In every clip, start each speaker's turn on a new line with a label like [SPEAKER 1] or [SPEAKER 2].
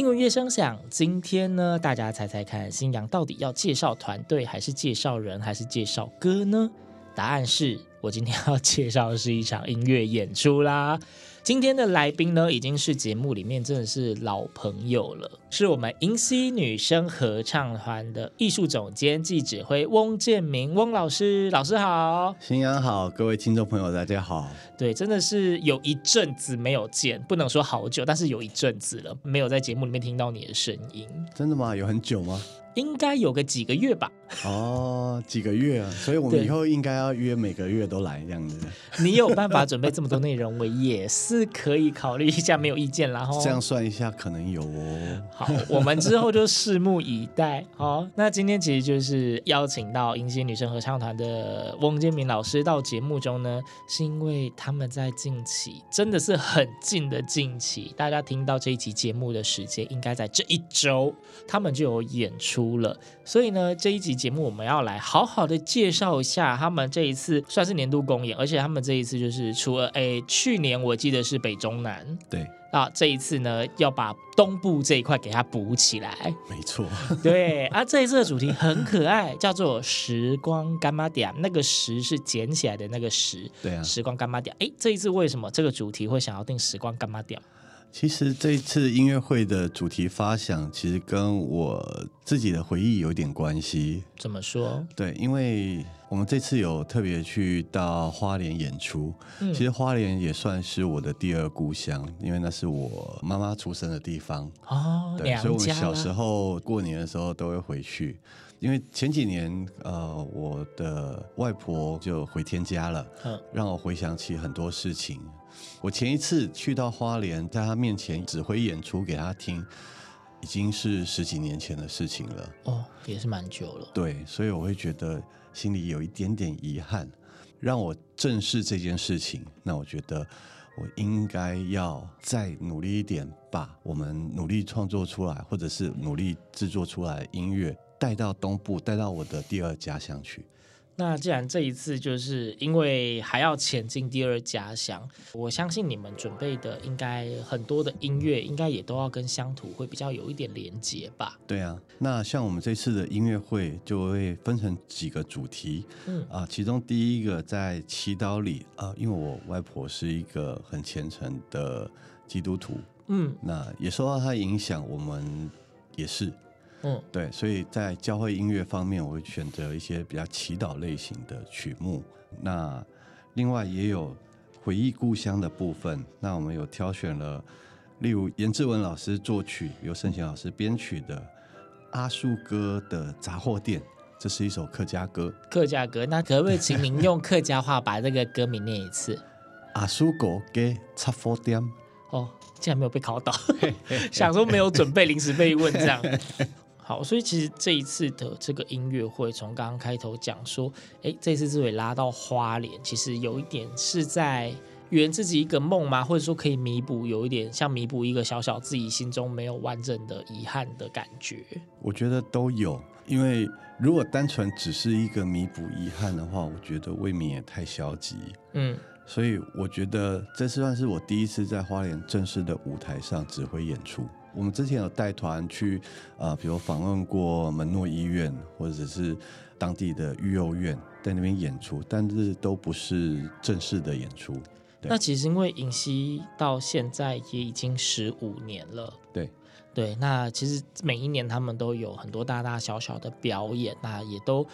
[SPEAKER 1] 因為音樂聲響，今天呢，大家猜猜看，新娘到底要介紹團隊，還是介紹人，還是介紹歌呢？答案是，我今天要介紹的是一場音樂演出啦。今天的來賓呢，已經是節目裡面真的是老朋友了，是我們迎曦女聲合唱團的藝術總監、暨指揮翁建民。翁老師，老師好，
[SPEAKER 2] 新年好，各位聽眾朋友，大家好。
[SPEAKER 1] 對，真的是有一陣子沒有見，不能說好久，但是有一陣子了，沒有
[SPEAKER 2] 在節目裡面聽到你的聲音。真的嗎？有很
[SPEAKER 1] 久嗎？應該有個幾個月吧。哦，
[SPEAKER 2] 幾個月啊，所以我們以後應該要約每個月都來這樣子。
[SPEAKER 1] 你有辦法準備這麼多內容，我 也是可以考慮一下，沒有意見啦，然後這樣
[SPEAKER 2] 算一下，可能有哦。好，我們之後
[SPEAKER 1] 就拭目以待。好、 哦，那今天其實就是邀請到迎曦女聲合唱團的翁建民老師到節目中呢，是因為他們在近期真的是很近的近期，大家聽到這一集節目的時間應該在這一周，他們就有演出了，所以呢，這一集。節目我們要來好好的介紹一下他們這一次算是年度公演，而且他們這一次就是除了哎，去年我記得是北中南，對啊，這一次呢要把東部這一塊給它補起來，沒錯，對啊，這一次的主題很可愛， 叫做拾光柑仔店，那個拾是撿起來的那個拾，對啊，拾光柑仔店，哎，這一次為什麼這個主題會想要定拾光柑仔店？
[SPEAKER 2] 其實這一次音樂會的主題發想，其實跟我。自己的回憶有一點關係，怎麼說？對，因為我們這次有特別去到花蓮演出，嗯，其實花蓮也算是我的第二故鄉，因為那是我媽媽出生的地方
[SPEAKER 3] 哦。對，所以我們小時
[SPEAKER 2] 候過年的時候都會回去，因為前幾年呃，我的外婆就回天家了，嗯，讓我回想起很多事情。我前一次去到花蓮，在她面前指揮演出給她聽。已經是十幾年前的事情了，哦，也是蠻久了。對，所以我會覺得心裡有一點點遺憾，讓我正視這件事情。那我覺得我應該要再努力一點，把我們努力創作出來，或者是努力製作出來的音樂帶到東部，帶到我的第二家鄉去。
[SPEAKER 1] 那既然這一次就是因為還要前進第二家鄉，我相信你們準備的應該很多的音樂，應該也都要跟鄉土會比較有一點連接吧？
[SPEAKER 2] 對啊，那像我們這次的音樂會就會分成幾個主題，嗯、啊，其中第一個在祈禱裡啊，因為我外婆是一個很虔誠的基督徒，嗯，那也受到她影響，我們也是。嗯，對，所以在教會音樂方面，我會選擇一些比較祈禱類型的曲目。那另外也有回憶故鄉的部分。那我們有挑選了，例如顏志文老師作曲，由盛賢老師編曲的《阿叔哥的雜貨店》，這是一首客家歌。
[SPEAKER 1] 客家歌，那可不可以請您用客家話把這個歌名念一次？
[SPEAKER 2] 阿叔哥給雜貨店。哦，竟然沒
[SPEAKER 1] 有被考倒， 想說沒有準備，臨時被問這樣。 好，所以其實這一次的這個音樂會，從剛剛開頭講說，哎，這次之所以拉到花蓮，其實有一點是在圓自己一個夢嘛，或者說可以彌補，有一點像彌補一個小小自己心中沒有完整的遺憾的感覺。
[SPEAKER 2] 我覺得都有，因為如果單純只是一個彌補遺憾的話，我覺得未免也太消極。嗯，所以我覺得這次算是我第一次在花蓮正式的舞台上指揮演出。我們之前有帶團去，呃，比如訪問過門諾醫院，或者是當地的育幼院，在那邊演出，但是都不是正式的演出。那其
[SPEAKER 1] 實因為迎曦到現在也已經十五年了，對對，那其實每一年他們都有很多大大小小的表演，那也都。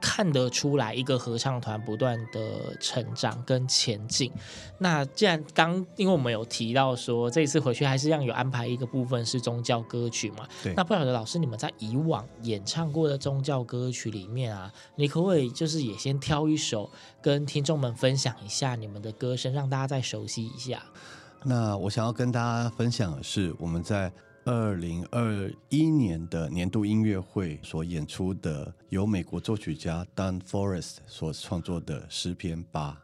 [SPEAKER 1] 看得出來，一個合唱團不斷的成長跟前進。那既然剛，因為我們有提到說，這一次回去還是要有安排一個部分是宗教歌曲嘛，對。那不曉得老師，你們在以往演唱過的宗教歌曲裡面啊，你可不可以就是也先挑一首，跟聽眾們分享一下你們的歌聲，讓大家再熟悉一下？
[SPEAKER 2] 那我想要跟大家分享的是，我們在。二零二一年的年度音樂會所演出的，由美國作曲家 Dan Forrest 所創作的詩篇八。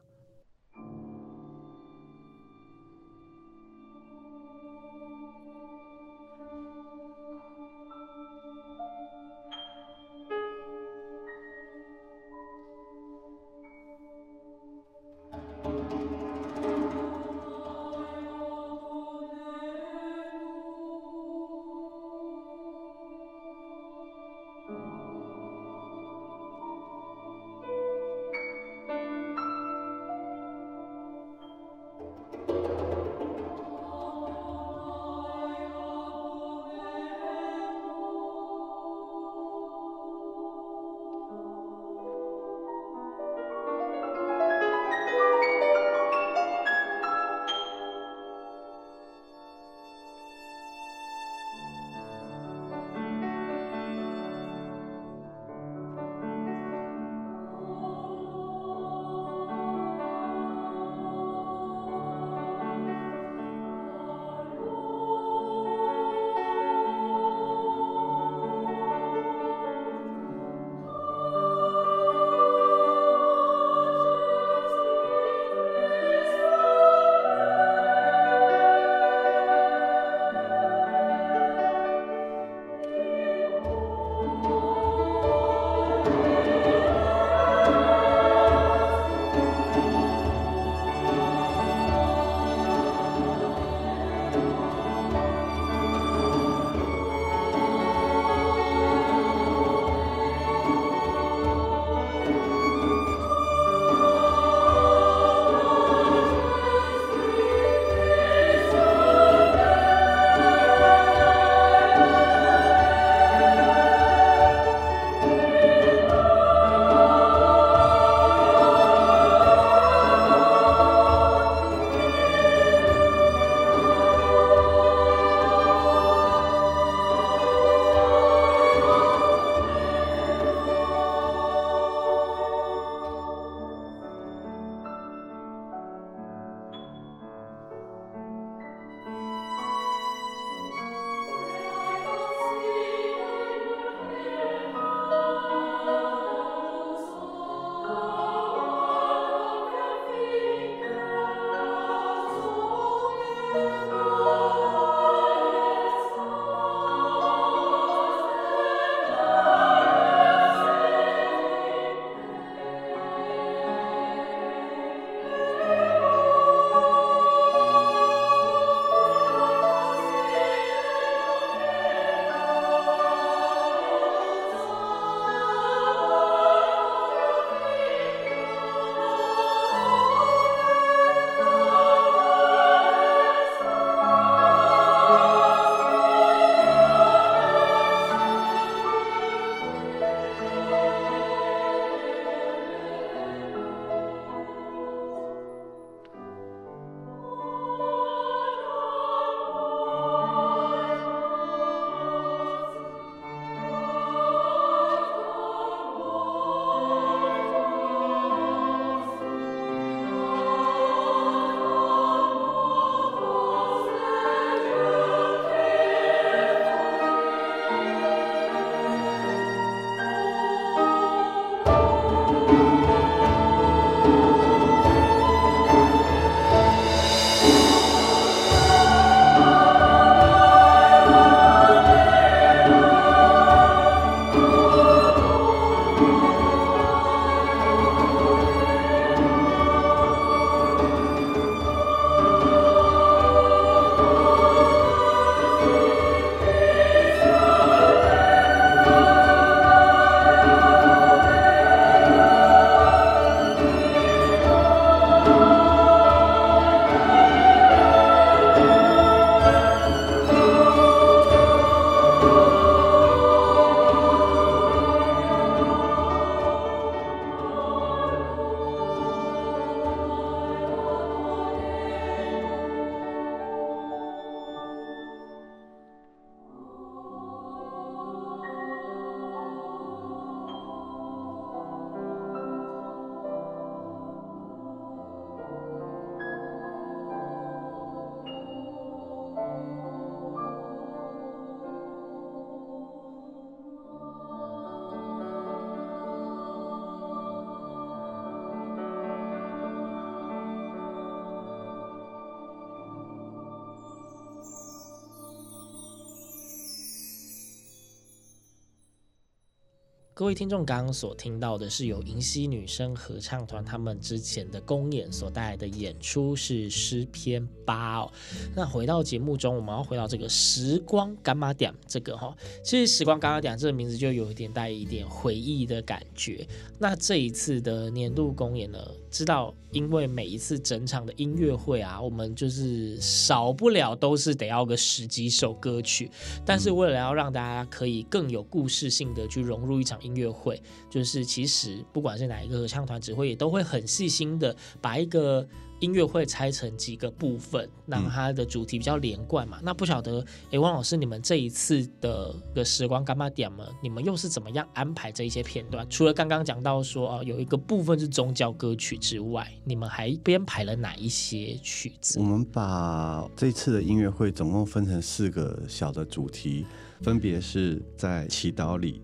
[SPEAKER 1] 各位聽眾，剛剛所聽到的是由迎曦女聲合唱團他們之前的公演所帶來的演出，是詩篇八哦。那回到節目中，我們要回到這個“拾光柑仔店”這個哈、哦，其實“拾光柑仔店”這個名字就有一點帶一點回憶的感覺。那這一次的年度公演呢？知道，因為每一次整場的音樂會啊，我們就是少不了都是得要個十幾首歌曲，但是為了要讓大家可以更有故事性的去融入一場音樂會，就是其實不管是哪一個合唱團，指揮也都會很細心的把一個。音樂會拆成幾個部分，讓它的主題比較連貫嘛？嗯、那不曉得，哎，翁老師，你們這一次的個時光柑仔店嘛？你們又是怎麼樣安排這一些片段？除了剛剛講到說哦，有一個部分是宗教歌曲之外，你們還編排了哪一些
[SPEAKER 2] 曲子？我們把這次的音樂會總共分成四個小的主題，分別是在祈禱裡，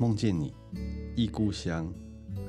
[SPEAKER 2] 夢見你，憶故鄉，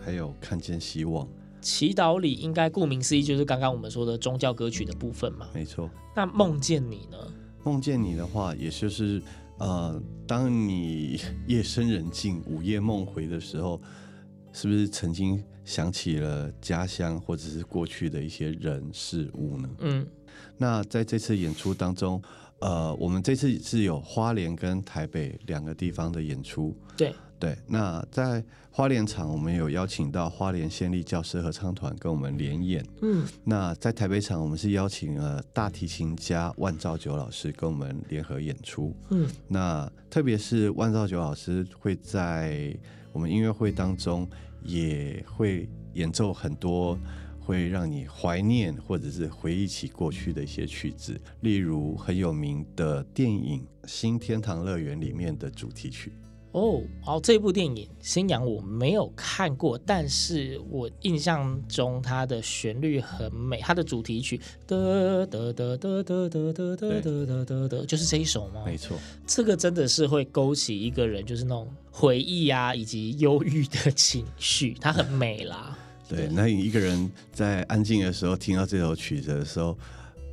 [SPEAKER 2] 還有看見希望。
[SPEAKER 1] 祈禱裡應該顧名思義，就是剛剛我們說的宗教
[SPEAKER 2] 歌曲的部分嘛。沒錯。
[SPEAKER 1] 那夢見你呢？
[SPEAKER 2] 夢見你的話，也就是呃，當你夜深人靜、午夜夢回的時候，嗯，是不是曾經想起了家鄉或者是過去的一些人事物呢？嗯。那在這次演出當中，呃，我們這次是有花蓮跟台北兩個地方的演出。對。對，那在花蓮場，我們有邀請到花蓮縣立教師合唱團跟我們聯演。嗯，那在台北場，我們是邀請了大提琴家萬兆九老師跟我們聯合演出。嗯，那特別是萬兆九老師會在我們音樂會當中也會演奏很多會讓你懷念或者是回憶起過去的一些曲子，例如很有名的電影《新天堂樂園》裡面的主題曲。
[SPEAKER 1] 哦，好，這部電影《新娘》我沒有看過，但是我印象中它的旋律很美，它的主題曲得得得得得得得得得就是這一首嗎？沒錯，這個真的是會勾起一個人就是那種回憶啊，以及憂鬱的情緒，它很美啦。
[SPEAKER 2] 對，那你一個人在安靜的時候聽到這首曲子的時候，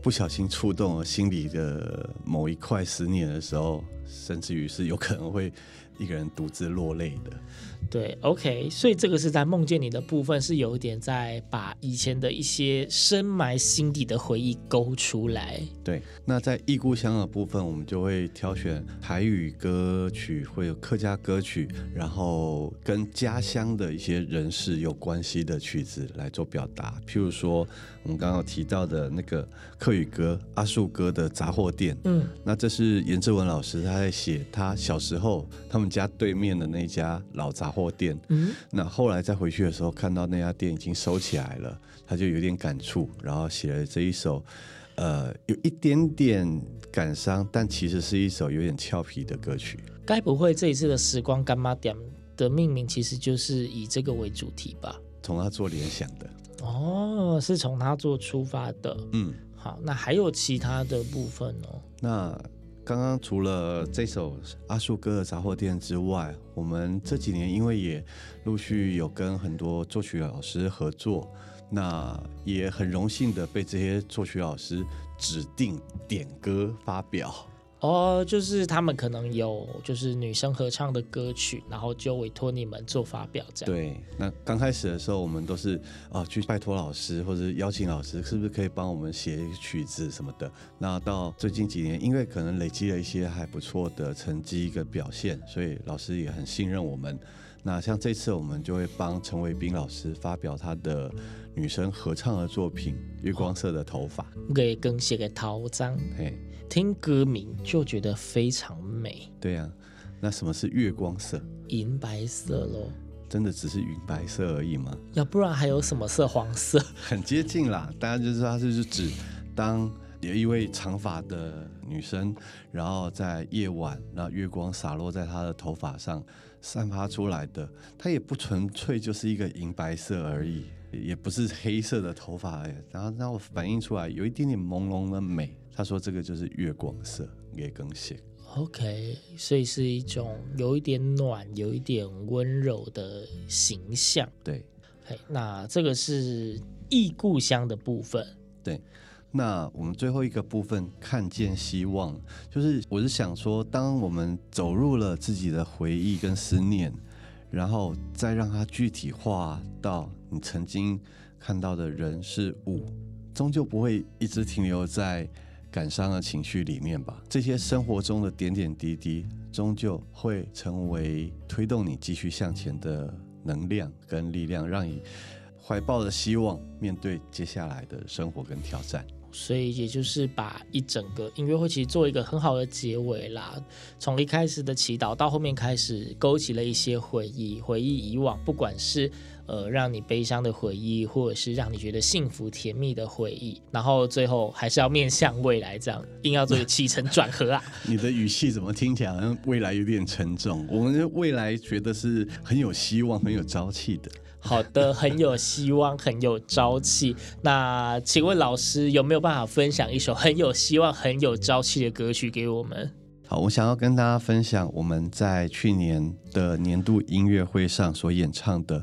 [SPEAKER 2] 不小心觸動了心裡的某一塊思念的時候，甚至於是有可能會。一個人獨自落淚的，
[SPEAKER 1] 對，OK，所以這個是在夢見你的部分，是有一點在把以前的一些深埋心底的
[SPEAKER 2] 回憶勾出來。對，那在異故鄉的部分，我們就會挑選台語歌曲，會有客家歌曲，然後跟家鄉的一些人士有關係的曲子來做表達。譬如說，我們剛剛提到的那個客語歌《阿樹哥的雜貨店》，嗯，那這是顏志文老師他在寫他小時候他們。們家對面的那家老雜貨店，嗯，那後來再回去的時候，看到那家店已經收起來了，他就有點感觸，然後寫了這一首，呃，有一點點感傷，但其實是一首有點俏皮的歌曲。
[SPEAKER 1] 該不會這一次的拾光柑仔店的命名，其實就是以這個
[SPEAKER 2] 為主題吧？從他做聯想的，
[SPEAKER 1] 哦，是從他做出發的，
[SPEAKER 2] 嗯，好，
[SPEAKER 1] 那還有其他的部分呢？
[SPEAKER 2] 那。剛剛除了這首阿樹哥的雜貨店之外，我們這幾年因為也陸續有跟很多作曲老師合作，那也很榮幸的被這些作曲老師指定點歌發表。哦、oh，就是他們可
[SPEAKER 1] 能有就是女聲合唱的歌曲，然後就委托你們做發表這樣。對，
[SPEAKER 2] 那剛開始的時候，我們都是啊去拜托老師或者是邀請老師，是不是可以幫我們寫曲子什麼的？那到最近幾年，因為可能累積了一些還不錯的成績跟表現，所以老師也很信任我們。那像這次，我們就會幫陳偉斌老師發表他的女聲合唱的作品《oh. 月光色的頭髮》okay。
[SPEAKER 1] 月更寫的頭章，嘿。聽歌名就覺得非常美。
[SPEAKER 2] 對呀，那什麼是月光色？銀白色咯，真的只是銀白色而已嗎？要不然還有什麼色？黃色。很接近啦，大家就知道它就是指當有一位長髮的女生， 然後在夜晚，那月光灑落在她的頭髮上，散發出來的。它也不純粹就是一個銀白色而已，也不是黑色的頭髮而已，然後讓我反映出來有一點點朦朧的美。他說：“這個就是月光色，月光色。
[SPEAKER 1] OK，所以是一種有一點暖、有一點溫柔的形象。對，okay, 那這個是憶故鄉的部分。
[SPEAKER 2] 對，那我們最後一個部分看見希望、嗯，就是我是想說，當我們走入了自己的回憶跟思念，然後再讓它具體化到你曾經看到的人事物，終究不會一直停留在感傷的情緒裡面吧，這些生活中的點點滴滴，終究會成為推動你繼續向前的能量跟力量，讓你懷抱着希望面對接下來的生活跟挑戰。所以，也就是把一整個音樂會其實做一個很好的結尾啦。從
[SPEAKER 1] 一開始的祈禱到後面開始勾起了一些回憶，回憶以往，不管是。呃，讓你悲傷的回憶，或者是讓你覺得幸福甜蜜的回憶，然後最後還是要面向未來，這樣
[SPEAKER 2] 硬要做一個起承轉合啊！ 你的語氣怎麼聽起來好像未來有點沉重？我們未來覺得是很有希望、很有朝氣的。好的，很有希望，
[SPEAKER 1] 很有朝氣。 那請問老師有沒有辦法分享一首很有希望、很有朝氣的歌曲給我們？
[SPEAKER 2] 好，我想要跟大家分享我們在去年的年度音樂會上所演唱的。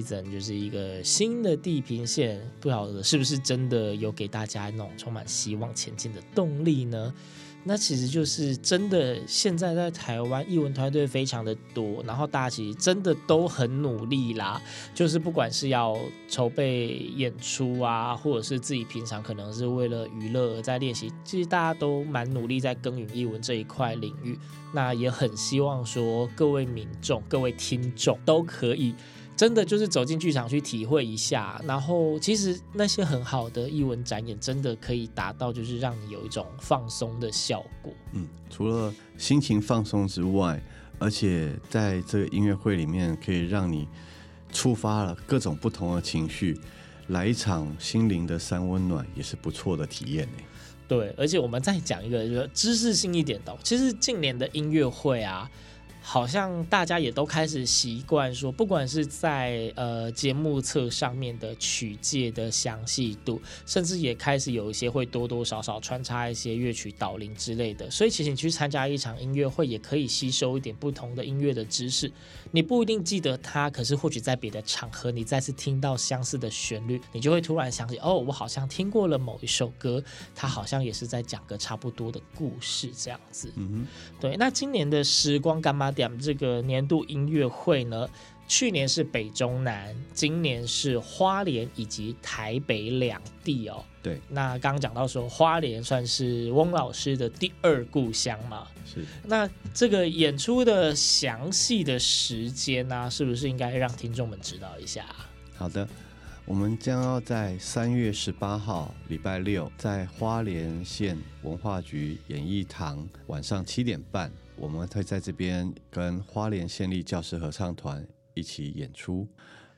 [SPEAKER 1] 就是一個新的地平線，不曉得是不是真的有給大家那種充滿希望前進的動力呢？那其實就是真的，現在在台灣藝文團隊非常的多，然後大家其實真的都很努力啦。就是不管是要籌備演出啊，或者是自己平常可能是為了娛樂而在練習，其實大家都蠻努力在耕耘藝文這一塊領域。那也很希望說，各位民眾、各位聽眾都可以。真的就是走進劇場去體會一下，然後其實那些很好的藝文展演，真的可以達到就是讓你有一種放鬆的效果。
[SPEAKER 2] 嗯，除了心情放鬆之外，而且在這個音樂會裡面，可以讓你觸發了各種不同的情緒，來一場心靈的三溫暖，也是不錯的體驗
[SPEAKER 1] 呢。對，而且我們再講一個就是知識性一點的，其實近年的音樂會啊。好像大家也都開始習慣說，不管是在呃節目冊上面的曲解的詳細度，甚至也開始有一些會多多少少穿插一些樂曲導聆之類的。所以其實你去參加一場音樂會，也可以吸收一點不同的音樂的知識。你不一定記得它，可是或許在別的場合，你再次聽到相似的旋律，你就會突然想起哦，我好像聽過了某一首歌，他好像也是在講個差不多的故事這樣子。嗯，對。那今年的拾光柑仔。這個年度音樂會呢，去年是北中南，今年是花蓮以及台北兩地哦。對，那剛剛講到說花蓮算是翁老師的第二故鄉嘛。是。那這個演出的詳細的時間呢啊，是不是應該讓聽眾們知道一下
[SPEAKER 2] 啊？好的，我們將要在三月十八號禮拜六，在花蓮縣文化局演藝堂晚上七點半。我們會在這邊跟花蓮縣立教師合唱團一起演出，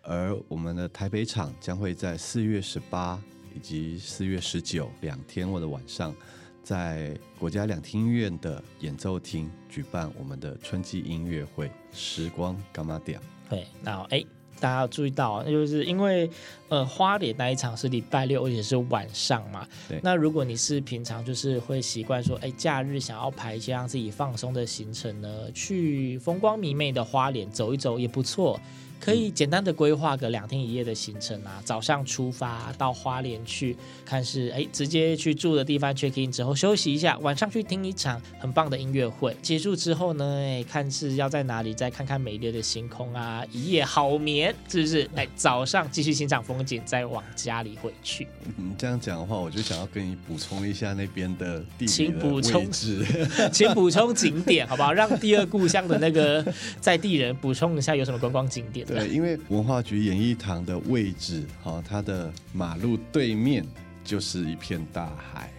[SPEAKER 2] 而我們的台北場將會在四月十八以及四月十九兩天的晚上，在國家兩廳院的演奏廳舉辦我們的春季音樂會《拾光柑仔店》。對，
[SPEAKER 1] 那哎。大家要注意到，就是因為呃、花蓮那一場是禮拜六，而且是晚上嘛。那如果你是平常就是會習慣說，哎，假日想要排一些讓自己放鬆的行程呢，去風光明媚的花蓮走一走也不錯。可以簡單的規劃個兩天一夜的行程啊，早上出發到花蓮去看是哎、欸，直接去住的地方 check in 之後休息一下，晚上去聽一場很棒的音樂會，結束之後呢，哎、欸，看是要在哪裡再看看美麗的星空啊，一夜好眠是不是？哎，早上繼續欣賞風景，再往家裡回去。你、
[SPEAKER 2] 嗯、這樣講的話，我就想要跟你補充一下那邊的地的，請補充，
[SPEAKER 1] 請補充景點好不好？讓第二故鄉的那個在地人補充一下有什麼觀光景點。對，因
[SPEAKER 2] 為文化局演藝堂的位置哈、哦，它的馬路對面就是一片大海。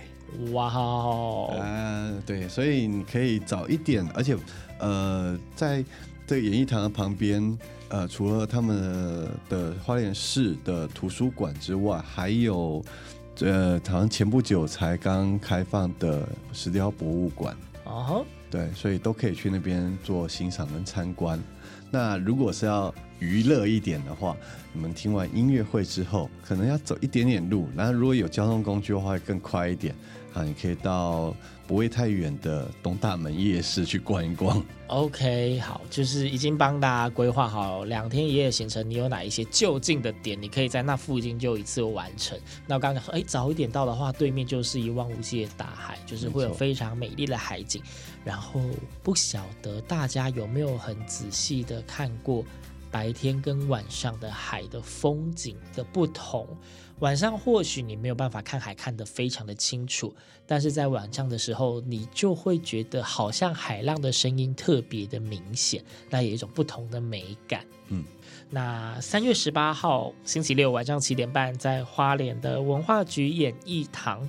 [SPEAKER 2] 哇！啊，對，所以你可以早一點，而且，呃，在這個演藝堂的旁邊，呃，除了他們的，的花蓮市的圖書館之外，還有，呃，好像前不久才剛開放的石雕博物館。哦、uh-huh.。對，所以都可以去那邊做欣賞跟參觀。那如果是要娛樂一點的話，你們聽完音樂會之後，可能要走一點點路。那如果有交通工具的話，會更快一點。好，你可以到不會太遠的東大門夜市去逛一逛。
[SPEAKER 1] OK，好，就是已經幫大家規劃好兩天一夜行程。你有哪一些就近的點，你可以在那附近就一次完成。那我剛剛講，誒，早一點到的話，對面就是一望無際的大海，就是會有非常美麗的海景。然後不曉得大家有沒有很仔細的看過。白天跟晚上的海的風景的不同，晚上或許你沒有辦法看海看得非常的清楚，但是在晚上的時候，你就會覺得好像海浪的聲音特別的明顯，那也有一種不同的美感。嗯，那三月十八號星期六晚上七點半在花蓮的文化局演藝廳，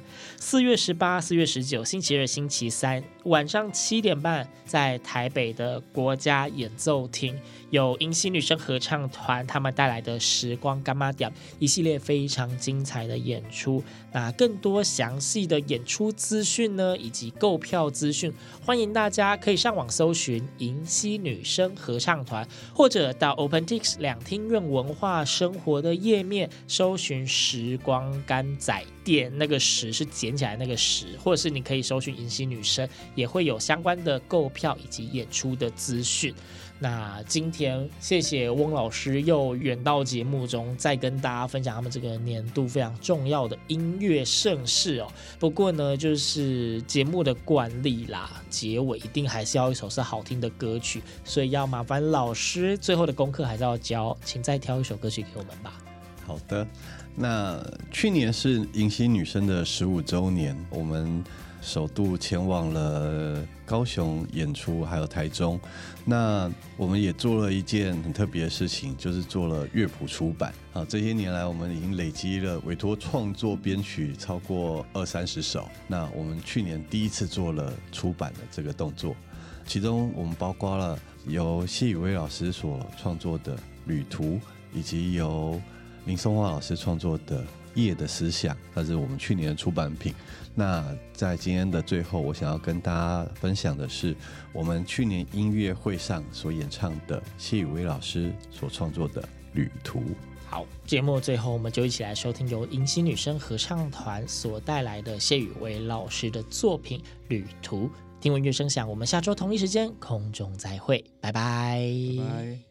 [SPEAKER 1] 四月十八、四月十九星期二、星期三。晚上七點半，在台北的國家演奏廳有迎曦女聲合唱團他們帶來的《拾光柑仔店》一系列非常精彩的演出。那更多詳細的演出資訊呢，以及購票資訊，歡迎大家可以上網搜尋迎曦女聲合唱團，或者到 OpenTix 兩廳院文化生活的頁面搜尋《拾光柑仔店》，那個拾是撿起來那個拾，或者是你可以搜尋迎曦女聲。也會有相關的購票以及演出的資訊。那今天謝謝翁老師又遠到節目中，再跟大家分享他們這個年度非常重要的音樂盛事哦。不過呢，就是節目的慣例啦，結尾一定還是要一首是好聽的歌曲，所以要麻煩老師最後的功課還是要交，請再挑一首歌曲給我們吧。
[SPEAKER 2] 好的，那去年是迎曦女聲的十五周年，我們，首度前往了高雄演出，還有台中。那我們也做了一件很特別的事情，就是做了樂譜出版。啊，這些年來我們已經累積了委託創作編曲超過二三十首。那我們去年第一次做了出版的這個動作，其中我們包括了由謝宇威老師所創作的《旅途》，以及由林松花老師創作的。夜的思想，那是我們去年的出版品。那在今天的最後，我想要跟大家分享的是，我們去年音樂會上所演唱的謝宇威老師所創作的《旅途》。好，
[SPEAKER 1] 節目最後，我們就一起來收聽由迎曦女聲合唱團所帶來的謝宇威老師的作品《旅途》。聽聞樂聲響，我們下周同一時間空中再會，拜拜。Bye bye